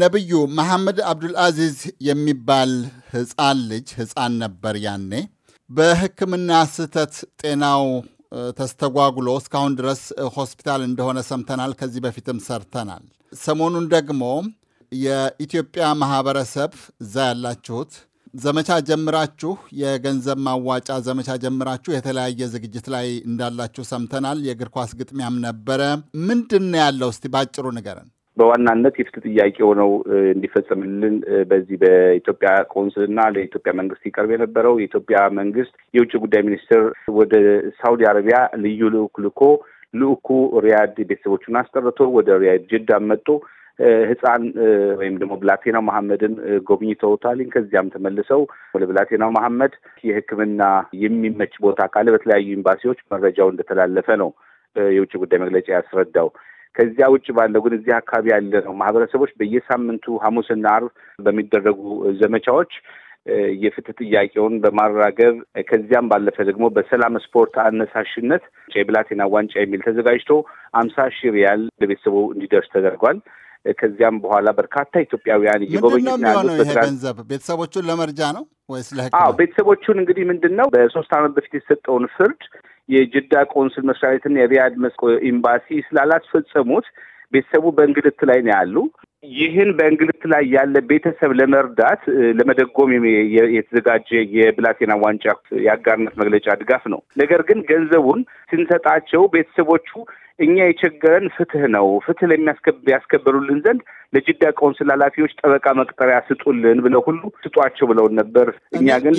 ነብዩ መሐመድ አብዱልአዚዝ የሚባል ህፃን ልጅ ህፃን ነበር ያኔ በህክምና ስህተት ጤናው ተስተጓጉሎ እስካሁን ድረስ ሆስፒታል እንደሆነ ሰምተናል። ከዚህ በፊትም ሰርተናል። ሰሞኑን ደግሞ የኢትዮጵያ ማህበረሰብ እዛ ያላችሁት ዘመቻ ጀምራችሁ የገንዘብ ማዋጫ ዘመቻ ጀምራችሁ የተለያየ ዝግጅት ላይ እንዳላችሁ ሰምተናል። የእግር ኳስ ግጥሚያም ነበረ። ምንድን ነው ያለው? እስቲ ባጭሩ ንገረን። በዋናነት የፍትህ ጥያቄ ሆነው እንዲፈጸምልን በዚህ በኢትዮጵያ ቆንስልና ለኢትዮጵያ መንግስት ይቀርብ የነበረው የኢትዮጵያ መንግስት የውጭ ጉዳይ ሚኒስትር ወደ ሳውዲ አረቢያ ልዩ ልዑክ ልኮ ልዑኩ ሪያድ ቤተሰቦቹን አስጠርቶ ወደ ሪያድ ጅዳ መጡ። ህፃን ወይም ደግሞ ብላቴናው መሐመድን ጎብኝተውታል። ከዚያም ተመልሰው ወደ ብላቴናው መሐመድ የሕክምና የሚመች ቦታ ካለ በተለያዩ ኤምባሲዎች መረጃው እንደተላለፈ ነው የውጭ ጉዳይ መግለጫ ያስረዳው። ከዚያ ውጭ ባለው ግን እዚህ አካባቢ ያለ ነው ማህበረሰቦች በየሳምንቱ ሐሙስና አርብ በሚደረጉ ዘመቻዎች የፍትህ ጥያቄውን በማራገብ ከዚያም ባለፈ ደግሞ በሰላም ስፖርት አነሳሽነት የብላቴና ዋንጫ የሚል ተዘጋጅቶ አምሳ ሺህ ሪያል ለቤተሰቡ እንዲደርስ ተደርጓል። ከዚያም በኋላ በርካታ ኢትዮጵያውያን እየጎበኙት ያሉት። ገንዘብ ቤተሰቦቹን ለመርጃ ነው ወይስ ለህክምና? ቤተሰቦቹን እንግዲህ ምንድን ነው በሶስት ዓመት በፊት የተሰጠውን ፍርድ የጅዳ ቆንስል መስሪያ ቤትና የሪያድ ኤምባሲ ስላላስፈጸሙት ቤተሰቡ በእንግልት ላይ ነው ያሉ። ይህን በእንግልት ላይ ያለ ቤተሰብ ለመርዳት ለመደጎም የተዘጋጀ የብላቴና ዋንጫ የአጋርነት መግለጫ ድጋፍ ነው። ነገር ግን ገንዘቡን ስንሰጣቸው ቤተሰቦቹ እኛ የቸገረን ፍትህ ነው፣ ፍትህ ለሚያስከብሩልን ዘንድ ለጅዳ ቆንስል ኃላፊዎች ጠበቃ መቅጠሪያ ስጡልን ብለው ሁሉ ስጧቸው ብለውን ነበር። እኛ ግን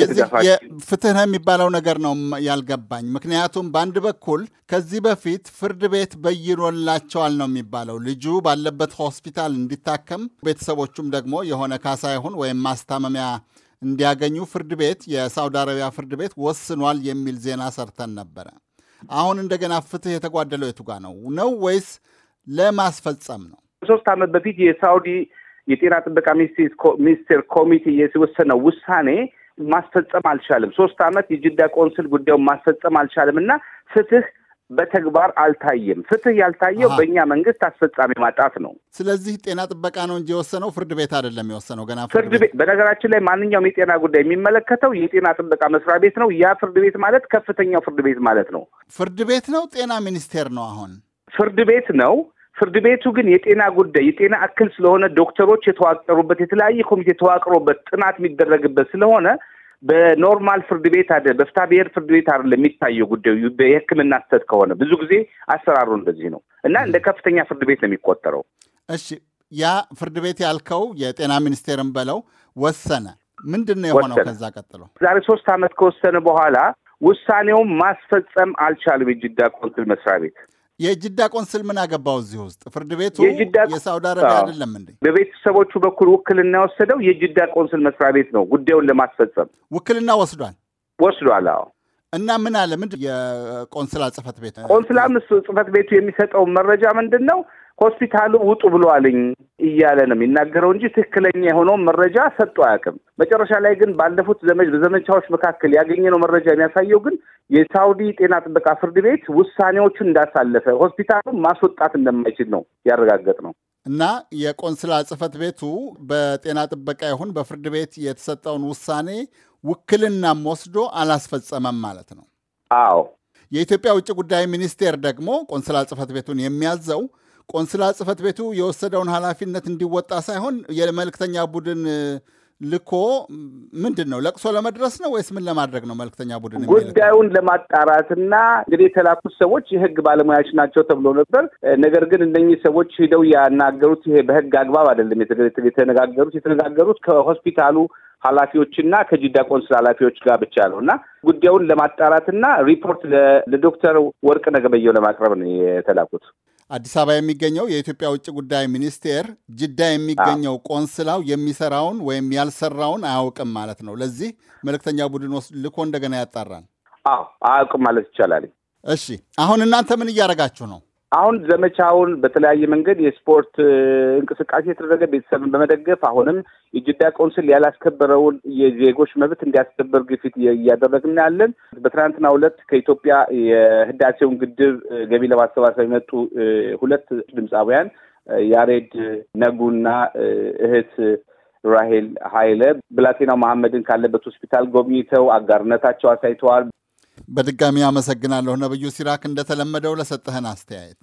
ፍትህ ነው የሚባለው ነገር ነው ያልገባኝ። ምክንያቱም በአንድ በኩል ከዚህ በፊት ፍርድ ቤት በይኖላቸዋል ነው የሚባለው ልጁ ባለበት ሆስፒታል እንዲታከም ቤተሰቦቹም ደግሞ የሆነ ካሳ ይሁን ወይም ማስታመሚያ እንዲያገኙ ፍርድ ቤት የሳውዲ አረቢያ ፍርድ ቤት ወስኗል የሚል ዜና ሰርተን ነበረ። አሁን እንደገና ፍትህ የተጓደለው የቱጋ ነው ነው ወይስ ለማስፈጸም ነው? ከሶስት ዓመት በፊት የሳውዲ የጤና ጥበቃ ሚኒስቴር ኮሚቴ የወሰነው ውሳኔ ማስፈጸም አልቻለም። ሶስት ዓመት የጅዳ ቆንስል ጉዳዩን ማስፈጸም አልቻለም እና ፍትህ በተግባር አልታየም። ፍትህ ያልታየው በእኛ መንግስት አስፈጻሚ ማጣት ነው። ስለዚህ ጤና ጥበቃ ነው እንጂ የወሰነው ፍርድ ቤት አይደለም የወሰነው ገና ፍርድ ቤት። በነገራችን ላይ ማንኛውም የጤና ጉዳይ የሚመለከተው የጤና ጥበቃ መስሪያ ቤት ነው። ያ ፍርድ ቤት ማለት ከፍተኛው ፍርድ ቤት ማለት ነው። ፍርድ ቤት ነው ጤና ሚኒስቴር ነው አሁን ፍርድ ቤት ነው ፍርድ ቤቱ ግን የጤና ጉዳይ የጤና እክል ስለሆነ ዶክተሮች የተዋቀሩበት የተለያየ ኮሚቴ ተዋቅሮበት ጥናት የሚደረግበት ስለሆነ በኖርማል ፍርድ ቤት አደ በፍታ ብሔር ፍርድ ቤት አይደለም የሚታየው ጉዳዩ የሕክምና ስህተት ከሆነ ብዙ ጊዜ አሰራሩ እንደዚህ ነው እና እንደ ከፍተኛ ፍርድ ቤት ነው የሚቆጠረው። እሺ፣ ያ ፍርድ ቤት ያልከው የጤና ሚኒስቴርን በለው ወሰነ። ምንድን ነው የሆነው? ከዛ ቀጥሎ ዛሬ ሶስት ዓመት ከወሰነ በኋላ ውሳኔውን ማስፈጸም አልቻልም የጅዳ ቆንስል መስሪያ ቤት የጅዳ ቆንስል ምን አገባው እዚህ ውስጥ? ፍርድ ቤቱ የሳውዲ አረቢያ አይደለም እንዴ? በቤተሰቦቹ በኩል ውክልና የወሰደው የጅዳ ቆንስል መስሪያ ቤት ነው ጉዳዩን ለማስፈጸም ውክልና ወስዷል ወስዷል። አዎ። እና ምን አለ ምንድን የቆንስላ ጽፈት ቤት ቆንስላ ጽፈት ቤቱ የሚሰጠው መረጃ ምንድን ነው? ሆስፒታሉ ውጡ ብለዋልኝ እያለ ነው የሚናገረው እንጂ ትክክለኛ የሆነውን መረጃ ሰጡ አያውቅም። መጨረሻ ላይ ግን ባለፉት በዘመቻዎች መካከል ያገኘነው መረጃ የሚያሳየው ግን የሳውዲ ጤና ጥበቃ ፍርድ ቤት ውሳኔዎቹን እንዳሳለፈ ሆስፒታሉን ማስወጣት እንደማይችል ነው ያረጋገጥ ነው። እና የቆንስላ ጽህፈት ቤቱ በጤና ጥበቃ ይሁን በፍርድ ቤት የተሰጠውን ውሳኔ ውክልናም ወስዶ አላስፈጸመም ማለት ነው። አዎ። የኢትዮጵያ ውጭ ጉዳይ ሚኒስቴር ደግሞ ቆንስላ ጽፈት ቤቱን የሚያዘው ቆንስላ ጽህፈት ቤቱ የወሰደውን ኃላፊነት እንዲወጣ ሳይሆን የመልእክተኛ ቡድን ልኮ ምንድን ነው ለቅሶ ለመድረስ ነው ወይስ ምን ለማድረግ ነው? መልክተኛ ቡድን ጉዳዩን ለማጣራትና እንግዲህ የተላኩት ሰዎች የህግ ባለሙያዎች ናቸው ተብሎ ነበር። ነገር ግን እነኚህ ሰዎች ሂደው ያናገሩት ይሄ በህግ አግባብ አይደለም የተነጋገሩት የተነጋገሩት ከሆስፒታሉ ኃላፊዎችና ከጂዳ ቆንስል ሀላፊዎች ጋር ብቻ ነው እና ጉዳዩን ለማጣራትና ሪፖርት ለዶክተር ወርቅ ነገበየው ለማቅረብ ነው የተላኩት። አዲስ አበባ የሚገኘው የኢትዮጵያ ውጭ ጉዳይ ሚኒስቴር ጅዳ የሚገኘው ቆንስላው የሚሰራውን ወይም ያልሰራውን አያውቅም ማለት ነው። ለዚህ መልእክተኛ ቡድን ወስድ ልኮ እንደገና ያጣራል። አዎ አያውቅም ማለት ይቻላል። እሺ አሁን እናንተ ምን እያደረጋችሁ ነው? አሁን ዘመቻውን በተለያየ መንገድ የስፖርት እንቅስቃሴ የተደረገ ቤተሰብን በመደገፍ አሁንም የጅዳ ቆንስል ያላስከበረውን የዜጎች መብት እንዲያስከበር ግፊት እያደረግን ያለን። በትናንትና ሁለት ከኢትዮጵያ የህዳሴውን ግድብ ገቢ ለማሰባሰብ የመጡ ሁለት ድምፃውያን ያሬድ ነጉና እህት ራሄል ኃይለ ብላቴናው መሐመድን ካለበት ሆስፒታል ጎብኝተው አጋርነታቸው አሳይተዋል። በድጋሚ አመሰግናለሁ ነብዩ ሲራክ እንደተለመደው ለሰጠህን አስተያየት።